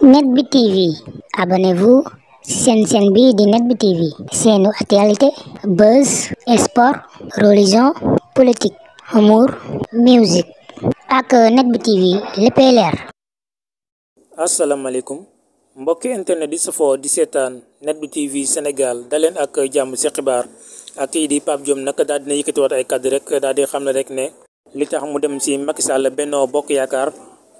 net bi tv abonnez-vous seen seen bi di net bi tv seenu actualité buzz sport religion politique humour musique ak net bi tv léppay leer asalaamaaleykum mbokki internet di safoo di seetaan net bi tv sénégal daleen ak jàmm ci xibaar ak kii di Pape Diop nag daal dina yëkkatiwaat ay kàddu rek daal di xam ne rek ne li tax mu dem ci Macky Sall Benno Bokk Yaakaar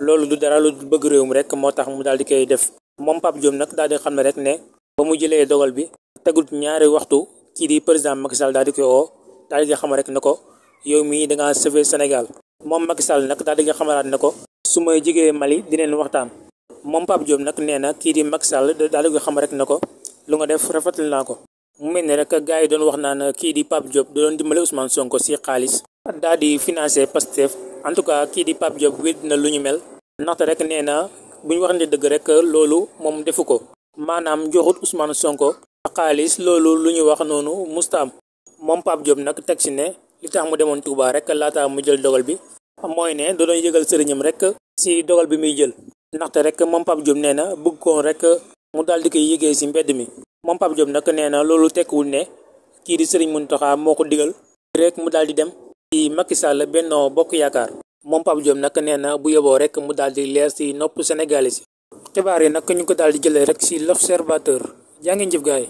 loolu du dara lu bëgg réew mi rek moo tax mu daal di koy def moom Pape Diop nag daal di xam ne rek ne ba mu jëlee dogal bi tegul ñaari waxtu kii di président Macky Sall daal di koy woo daal di nga xam rek ne ko yow mii da ngaa sauver Sénégal moom Macky Sall nag daal di nga xamalaat ne ko su may jigee Mali dinañ waxtaan. moom Pape Diop nag nee na kii di Macky Sall daal di ko xam rek ne ko lu nga def rafetlu naa ko. mu mel ne rek gars yi doon wax naa naan kii di Pape Diop doon dimbale Ousmane Sonko si xaalis. daal di financé Pastef en tout cas kii di Pape Diop wéet na lu ñu mel ndaxte rek nee na bu ñu waxante dëgg rek loolu moom defu ko maanaam joxut Ousmane Sonko xaalis loolu lu ñu wax noonu mustaam moom Pape Diop nag teg si ne li tax mu demoon Touba rek laata mu jël dogal bi mooy ne da doon yëgal sëriñam rek si dogal bi muy jël ndaxte rek moom Pape Diop nee na bëgg koon rek mu daal di koy yëgee si mbedd mi moom Pape Diop nag nee na loolu tekkiwul ne kii di sëriñ Mountakha moo ko digal rek mu daal di dem ci Macky Sall Benno Bokk Yaakaar moom pab jom nag nee na bu yóbboo rek mu daal di leer ci nopp sénégalais yi xibaar yi nag ñu ko daal di jëlee rek ci l'observateur jaa ngi jëf gaay